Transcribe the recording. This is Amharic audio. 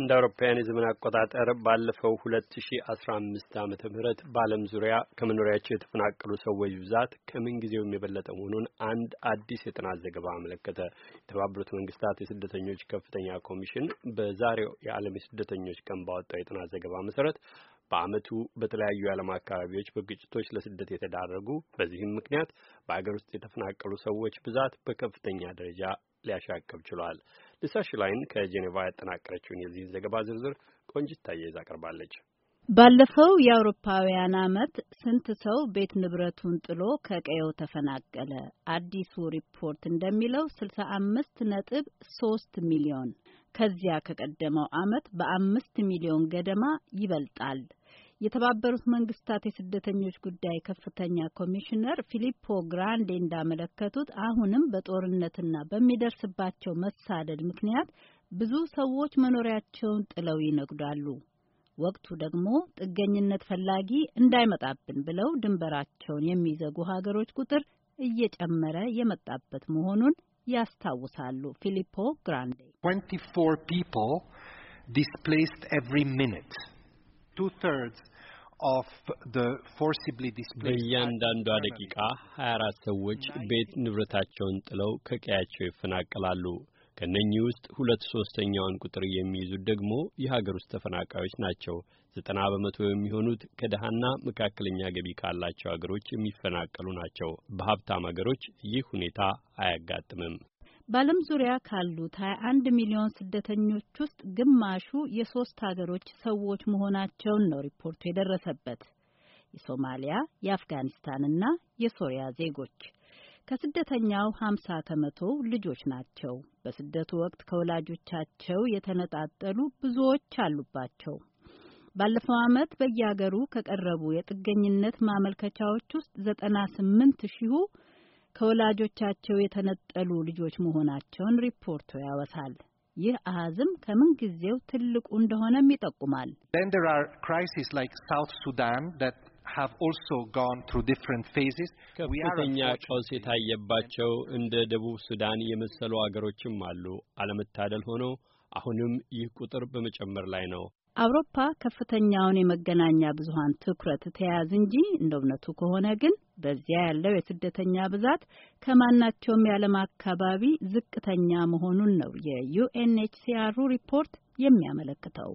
እንደ አውሮፓውያን የዘመን አቆጣጠር ባለፈው 2015 ዓመተ ምህረት በዓለም ዙሪያ ከመኖሪያቸው የተፈናቀሉ ሰዎች ብዛት ከምን ጊዜውም የበለጠ መሆኑን አንድ አዲስ የጥናት ዘገባ አመለከተ። የተባበሩት መንግስታት የስደተኞች ከፍተኛ ኮሚሽን በዛሬው የዓለም የስደተኞች ቀን ባወጣው የጥናት ዘገባ መሰረት በአመቱ በተለያዩ የዓለም አካባቢዎች በግጭቶች ለስደት የተዳረጉ በዚህም ምክንያት በአገር ውስጥ የተፈናቀሉ ሰዎች ብዛት በከፍተኛ ደረጃ ሊያሻቅብ ችሏል። ሊሳ ሽላይን ከጄኔቫ ያጠናቀረችውን የዚህን ዘገባ ዝርዝር ቆንጅታዬ ይዛ ቀርባለች። ባለፈው የአውሮፓውያን አመት ስንት ሰው ቤት ንብረቱን ጥሎ ከቀየው ተፈናቀለ? አዲሱ ሪፖርት እንደሚለው ስልሳ አምስት ነጥብ ሶስት ሚሊዮን ከዚያ ከቀደመው አመት በአምስት ሚሊዮን ገደማ ይበልጣል። የተባበሩት መንግስታት የስደተኞች ጉዳይ ከፍተኛ ኮሚሽነር ፊሊፖ ግራንዴ እንዳመለከቱት አሁንም በጦርነትና በሚደርስባቸው መሳደድ ምክንያት ብዙ ሰዎች መኖሪያቸውን ጥለው ይነግዳሉ። ወቅቱ ደግሞ ጥገኝነት ፈላጊ እንዳይመጣብን ብለው ድንበራቸውን የሚዘጉ ሀገሮች ቁጥር እየጨመረ የመጣበት መሆኑን ያስታውሳሉ። ፊሊፖ ግራንዴ 24 people displaced every minute two በእያንዳንዷ ደቂቃ 24 ሰዎች ቤት ንብረታቸውን ጥለው ከቀያቸው ይፈናቀላሉ። ከነኚህ ውስጥ ሁለት ሶስተኛውን ቁጥር የሚይዙት ደግሞ የሀገር ውስጥ ተፈናቃዮች ናቸው። ዘጠና በመቶ የሚሆኑት ከደሃና መካከለኛ ገቢ ካላቸው ሀገሮች የሚፈናቀሉ ናቸው። በሀብታም ሀገሮች ይህ ሁኔታ አያጋጥምም። በዓለም ዙሪያ ካሉት 21 ሚሊዮን ስደተኞች ውስጥ ግማሹ የሶስት ሀገሮች ሰዎች መሆናቸውን ነው ሪፖርቱ የደረሰበት። የሶማሊያ፣ የአፍጋኒስታንና የሶሪያ ዜጎች ከስደተኛው 50 ከመቶ ልጆች ናቸው። በስደቱ ወቅት ከወላጆቻቸው የተነጣጠሉ ብዙዎች አሉባቸው። ባለፈው ዓመት በየሀገሩ ከቀረቡ የጥገኝነት ማመልከቻዎች ውስጥ 98 ሺሁ ከወላጆቻቸው የተነጠሉ ልጆች መሆናቸውን ሪፖርቱ ያወሳል። ይህ አሃዝም ከምን ጊዜው ትልቁ እንደሆነም ይጠቁማል። ከፍተኛ ቀውስ የታየባቸው እንደ ደቡብ ሱዳን የመሰሉ አገሮችም አሉ። አለመታደል ሆነው አሁንም ይህ ቁጥር በመጨመር ላይ ነው። አውሮፓ ከፍተኛውን የመገናኛ ብዙሃን ትኩረት ተያያዝ እንጂ እንደ እውነቱ ከሆነ ግን በዚያ ያለው የስደተኛ ብዛት ከማናቸውም የዓለም አካባቢ ዝቅተኛ መሆኑን ነው የዩኤንኤችሲአሩ ሪፖርት የሚያመለክተው።